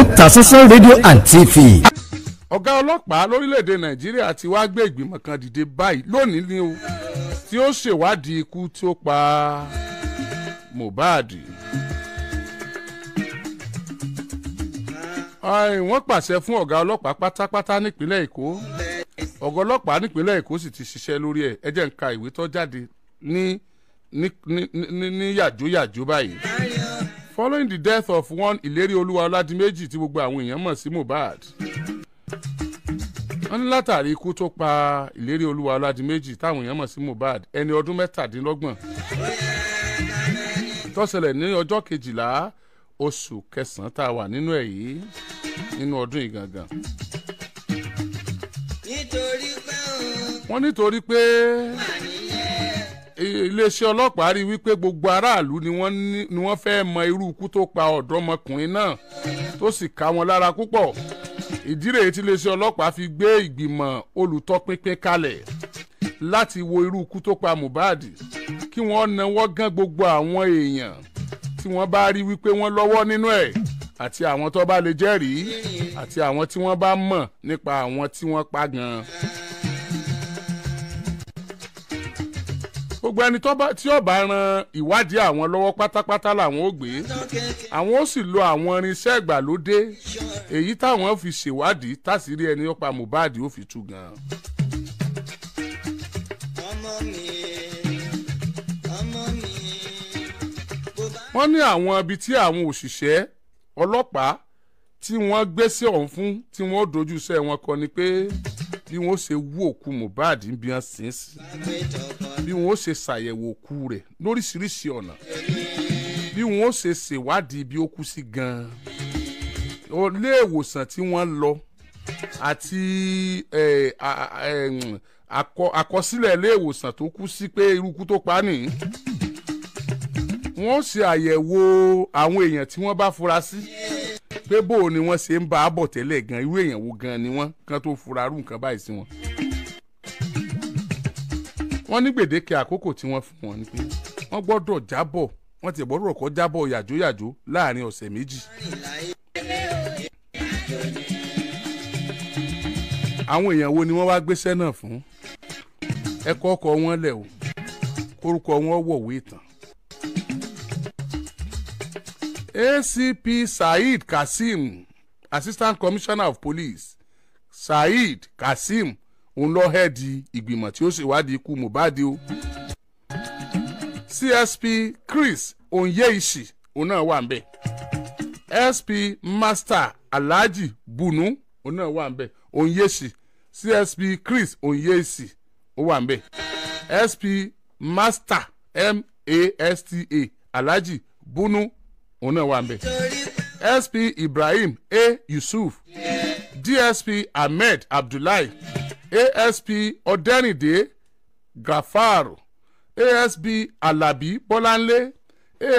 Otasansan rédíò and TV. ọ̀gá ọlọ́pàá lórílẹ̀‐èdè nàìjíríà ti wá gbé ìgbìmọ̀ kan dìde báyìí lónìí ni o tí ó ṣèwádìí ikú tí ó pa Mohbad. wọ́n pàṣẹ fún ọ̀gá ọlọ́pàá pátápátá nípínlẹ̀ èkó ọ̀gá ọlọ́pàá nípínlẹ̀ èkó sì ti ṣiṣẹ́ lórí ẹ̀ ẹ jẹ́ n ka ìwé tó jáde ní ní ní ní yàjóyàjó báyìí following the death of one ìlérí olúwa ọládìméjì tí gbogbo àwọn èèyàn mọ̀ sí mohbad wọ́n ní látàrí ikú tó pa ìlérí olúwa ọládìméjì táwọn èèyàn mọ̀ sí mohbad ẹni ọdún mẹ́tàdínlọ́gbọ̀n tó ṣẹlẹ̀ ní ọjọ́ kejìlá oṣù kẹsàn-án tá a wà nínú ẹ̀ yìí nínú ọdún yìí wọ́n nítorí pé iléeṣẹ́ ọlọ́pàá rí wípé gbogbo aráàlú ni wọ́n fẹ́ mọ irú ikú tó pa ọ̀dọ́mọkùnrin náà tó sì ká wọn lára púpọ̀ ìdí rèé tí iléeṣẹ́ ọlọ́pàá fi gbé ìgbìmọ̀ olùtọpinpin kalẹ̀ láti wo irú ikú tó pa Mohbad kí wọ́n nawọ́ gán gbogbo àwọn èèyàn tí wọ́n bá rí wípé wọ́n lọ́wọ́ nínú ẹ̀ àti àwọn tó bá lè jẹ́rìí àti àwọn tí wọ́n bá mọ̀ nípa àwọn tí wọ́n pa gan-an. gbogbo ẹni tí ó bá ran ìwádìí àwọn lọ́wọ́ pátápátá làwọn ó gbé àwọn ó sì lo àwọn irinṣẹ́ ìgbàlódé èyí táwọn fi ṣèwádìí tásìrí ẹni ó pa Mohbad ó fi tú gan. wọ́n ní àwọn ibi tí àwọn òṣìṣẹ́ ọlọ́pàá tí wọ́n gbéṣẹ́ ọ̀hún fún tí wọ́n dojú iṣẹ́ wọn kọ ni pé. Pe bí wọ́n ṣe wú òkú Mohbad ń bí wọ́n sin sí bí wọ́n ṣe ṣàyẹ̀wò òkú rẹ̀ lóríṣiríṣi ọ̀nà bí wọ́n ṣe ṣèwádìí bí ó kú sí gan-an ilé ìwòsàn tí wọ́n lọ àti àkọsílẹ̀ ilé ìwòsàn tó kú sí pé irúkú tó pa nìyí wọ́n ṣe àyẹ̀wò àwọn èèyàn tí wọ́n bá fura sí. Yeah pé bó o ni wọ́n ṣe ń bá a bọ̀ tẹ́lẹ̀ gan irú èèyàn wo gan ni wọ́n kán tó fura rú nǹkan báyìí sí wọn. wọ́n ní gbèdéke àkókò tí wọ́n fún wọn ni pé wọ́n gbọ́dọ̀ jábọ̀ wọ́n ti gbọ́dọ̀ kọ́ jábọ̀ yàjóyàjó láàrin ọ̀sẹ̀ méjì. àwọn èèyàn wo ni wọ́n wá gbéṣẹ́ náà fún ẹ̀kọ́ ọkọ̀ wọn lẹ̀ o kórúkọ wọn wọ̀wé ìtàn acp saheed Kasim, assistant commissioner of police saheed Kasim òun lọ hẹ́ẹ̀dì ìgbìmọ̀ tí ó ṣèwádìí ikú mohbad o csp chris onyeishi òun náà wà nbẹ sp master alhaji bunu òun náà wà nbẹ onyeishi csp chris onyeishi ó wà nbẹ sp master m a s t a alhaji bunu òun náà wà ń bẹ̀ sp ibrahim a yusuf dsp ahmed abdullahi asp ọdẹrìndé gafaro asp alabi bọláńlé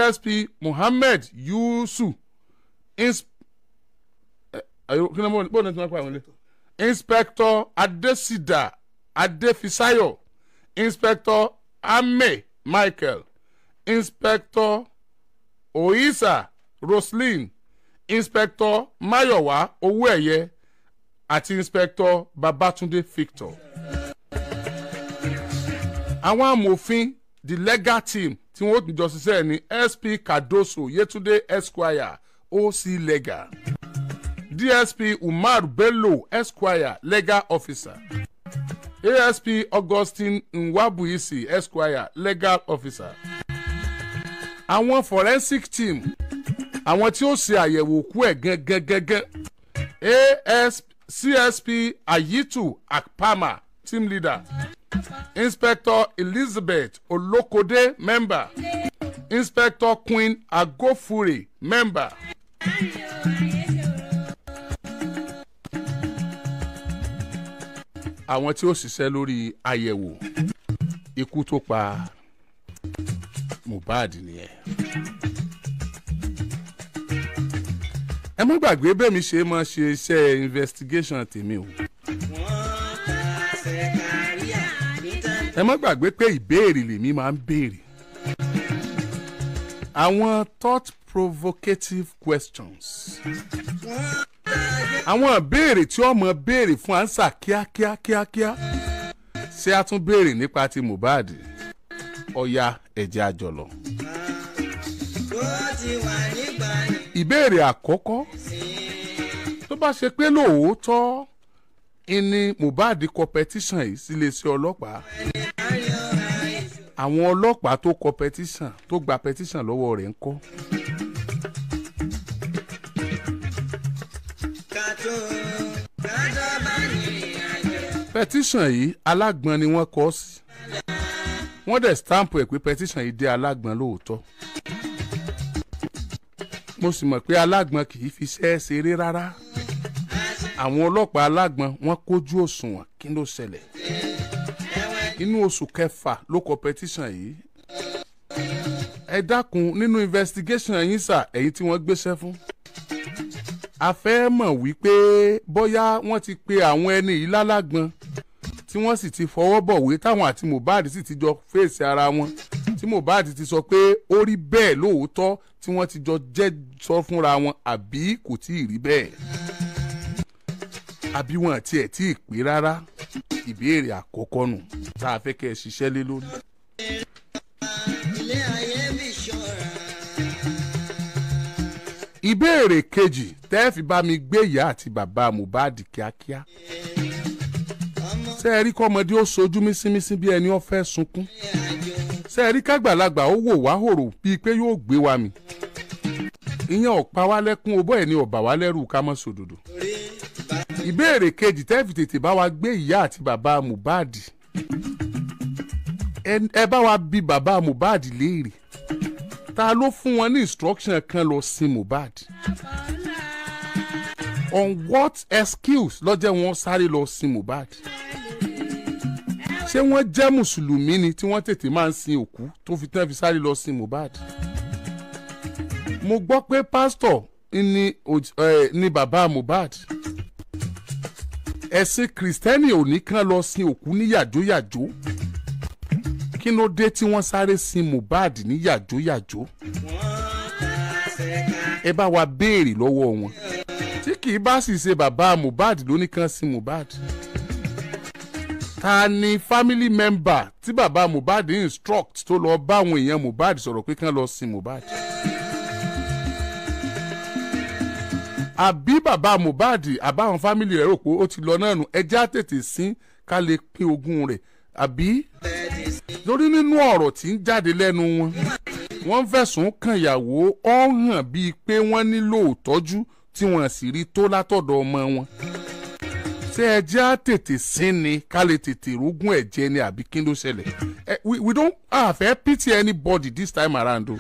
asp muhammed yusu eh, inspector adesida adefisayo inspector ame michael inspector oisa roslyn inspector mayowa owóẹ̀yẹ àti inspector babatunde victor. àwọn amòfin the legal team tí wọ́n ti jọ ṣiṣẹ́ ní sp cardoso yetunde esquire oc legal dsp umar bello esquire legal officer asp augustine nwabuisi esquire legal officer àwọn forensic team àwọn tí ó ṣe àyẹ̀wò òkú ẹ̀ gẹ́gẹ́gẹ́gẹ́ CSP ayitu akpama team leader inspector elizabeth olokode member inspector queen agofure member. àwọn tí ó ṣiṣẹ́ lórí àyẹ̀wò ikú tó pa Mohbad nìyẹn. ẹ má gbàgbé bẹ́ẹ̀ mi ṣe máa ṣe iṣẹ́ investigation tèmi o. ẹ má gbàgbé pé ìbéèrè lèmi máa ń béèrè. àwọn thought provocative questions. àwọn ìbéèrè tí ọmọ béèrè fún ansa kíákíá kíákíá ṣé a tún béèrè nípa ti Mohbad ọ̀ya ẹ̀jẹ̀ àjọlọ. ìbéèrè àkọ́kọ́ tó bá ṣe pé lóòótọ́ ìní Mohbad competition yìí sí iléeṣẹ́ ọlọ́pàá àwọn ọlọ́pàá tó kọ petition tó gba petition lọ́wọ́ rẹ̀ ń kọ́. petition yìí alágbọ̀n ni wọ́n kọ sí wọ́n dẹ̀ stamp ẹ̀ pé petition yìí dé alágbọ̀n lóòótọ́ mo sì mọ̀ pé alágbọ̀n kì í fi iṣẹ́ ṣeré rárá àwọn ọlọ́pàá alágbọ̀n wọ́n kójú òṣùwọ̀n kí ló ṣẹlẹ̀ inú oṣù kẹfà ló kọ petition yìí ẹ dákun nínú investigation yín sà ẹ̀yin tí wọ́n gbéṣẹ́ fún a fẹ́ mọ̀ wípé bóyá wọ́n ti pe àwọn ẹni yìí lálágbọ̀n tí wọ́n sì ti fọwọ́ bọ̀wé táwọn àti Mohbad sì ti jọ fèsì ara wọn tí Mohbad ti sọ pé ó rí bẹ́ẹ̀ lóòótọ́ tí wọ́n ti jọ jẹ́ sọ fúnra wọn àbí kò tí ì rí bẹ́ẹ̀ àbí wọn àti ẹ̀ tí ì pé rárá ìbéèrè àkọ́kọ́ nù tá a fẹ́ kẹ́ ẹ ṣiṣẹ́ lé lórí. ìbéèrè kejì tẹ́ẹ̀ fi bá mi gbé ìyá àti bàbá Mohbad kíákíá. Yeah ṣe é rí kọ́mọdé ó sojú mísímísí bí ẹni ó fẹ́ sunkún ṣe é rí kágbàlagbà ó wò wá hòrò bíi pé yóò gbé wa mi ìyẹn ò pa wá lẹ́kún ọbọ̀ ẹ̀ ni ò bà wá lẹ́rù ká mọ́ sòdòdò ìbéèrè kejì tẹ́ẹ̀fì tètè bá wa gbé ìyá àti bàbá Mohbad ẹ bá wa bi bàbá Mohbad léèrè ta ló fún wọn ní instruction kan lọ sí Mohbad on what excuse lọ́jẹ́ wọn sáré lọ sí Mohbad ṣé wọ́n jẹ́ mùsùlùmí ni tí wọ́n tètè máa ń sin òkú tó fi tán fi sáré lọ sin Mohbad mo gbọ́ pé pásítọ̀ ni, eh, ni bàbá Mohbad ẹ̀sìn kìrìsìtẹ́nì ò ní kán lọ sin òkú ní yàjóyàjó kí ló dé tí wọ́n sáré sin Mohbad ní yàjóyàjó ẹ bá wa béèrè lọ́wọ́ wọn tí kì í bá sì ṣe bàbá Mohbad ló ní kán sin Mohbad. Yeah ta ni family member tí bàbá Mohbad instruct tó lọ bá àwọn èèyàn Mohbad sọ̀rọ̀ pé kán lọ sin Mohbad. àbí bàbá Mohbad àbáwọn fámìlì rẹ̀ rò pé ó ti lọ náà nù ẹjẹ́ á tètè sín ká lè pín ogún rẹ̀ àbí. torí nínú ọ̀rọ̀ tí ń jáde lẹ́nu wọn wọ́n fẹ̀sùn kan ìyàwó ọ̀hún bíi pé wọ́n nílò ìtọ́jú tí wọ́n sì rí tó látọ̀dọ̀ ọmọ wọn ṣé ẹjẹ́ á tètè sín ni ká lè tètè rógún ẹ̀jẹ̀ ni àbí kí ló ṣẹlẹ̀ we we don't àfẹ́ pity anybody this time around o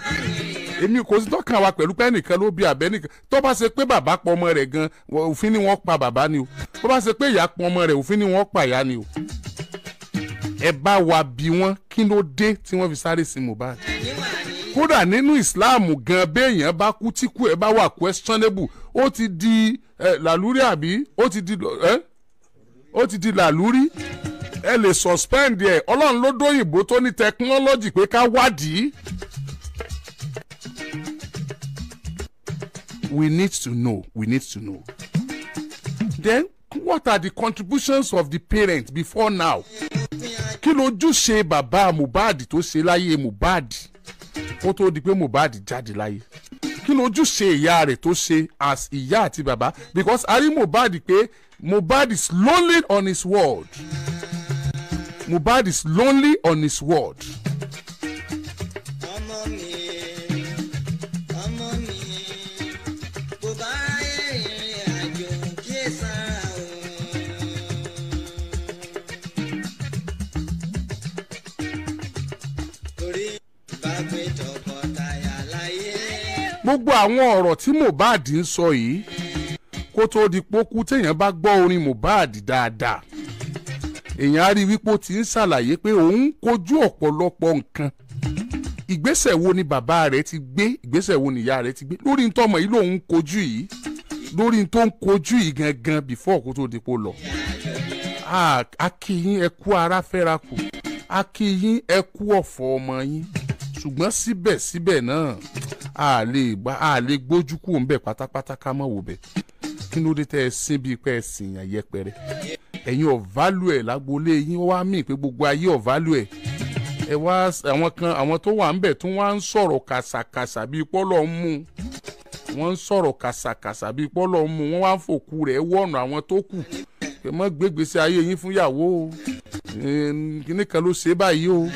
èmi kò sí tọ́kàn wa pẹ̀lú pé ẹnìkan ló bí àbẹ́ nìkan tó bá ṣe pé bàbá pọ ọmọ rẹ̀ gan òfin ni wọ́n pa bàbá ni o tó bá ṣe pé ìyá pọ ọmọ rẹ̀ òfin ni wọ́n pa ìyá ni o ẹ bá wa bí wọn kí ló dé tí wọ́n fi sáré sí Mohbad kódà nínú Islam gan béèyàn bá kú tí kú ẹ bá wà questionable ó ti di ẹ làlúrí àbí ó ti di ẹ ó ti di làlúrí ẹ lè suspend ẹ ọlọ́run ló dóyìnbó tó ní tẹkinọ́lọ́jì pé ká wádìí. we need to know we need to know. then what are the contributions of the parents before now? kí lójúṣe bàbá Mohbad tó ṣe láyé Mohbad kó tó di pé Mohbad jáde láyé kí lójúṣe ìyá rẹ̀ tó ṣe as ìyá àti bàbá because a rí Mohbad pé Mohbad is lonely on his word. Mohbad is lonely on his word. Oh. gbogbo àwọn ọ̀rọ̀ tí Mohbad ń sọ yìí kó tó di pókú téèyàn bá gbọ́ orin Mohbad dáadáa èèyàn á rí wípé ó ti ń ṣàlàyé pé òun kojú ọ̀pọ̀lọpọ̀ nǹkan ìgbésẹ̀ wo ni bàbá rẹ̀ ti gbé ìgbésẹ̀ wo ni ìyá rẹ̀ ti gbé lórí ní tọmọ yìí lòun kojú yìí lórí ní tó ń kojú yìí gangan before kó tó di pó lọ akíyín ẹ kú ara fẹ́ra kù akíyín ẹ kú ọ̀fọ̀ ọmọ yín ṣùgbọ́n síbẹ̀síbẹ̀ náà a lè gbójú kúrò ń bẹ̀ pátápátá ká mọ̀ wò bẹ́ẹ̀. kínlódé tẹ dé tẹ́ ẹ sin bíi pé ẹ sìn yàn yẹpẹrẹ ẹ̀yin ọ̀válù lágboolé yín wá mí pé gbogbo ayé ọ̀válù ẹ wá àwọn kan àwọn tó wà ń bẹ̀ tó wá ń sọ̀rọ̀ bíi pọ́lọ̀ ń mú wọ́n ń sọ̀rọ̀ kàṣàkàṣà bíi pọ́lọ̀ ń mú wọ́n wá ń fòkú rẹ̀ àwọn o ló ṣe báyìí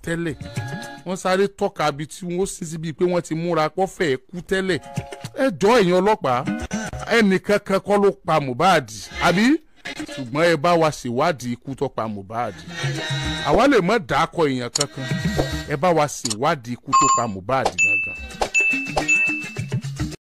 ti ń wọ́n sáré tọ́ka ibi tí wọ́n sin síbi pé wọ́n ti múra pọ́fẹ́ kú tẹ́lẹ̀ ẹ jọ ẹ̀yin ọlọ́pàá ẹnìkan kan kọ́ ló pa Mohbad àbí ṣùgbọ́n ẹ bá wa ṣèwádìí ikú tó pa Mohbad àwa lè mọ̀ dákọ̀ èèyàn kankan ẹ bá wa ṣèwádìí ikú tó pa Mohbad náà.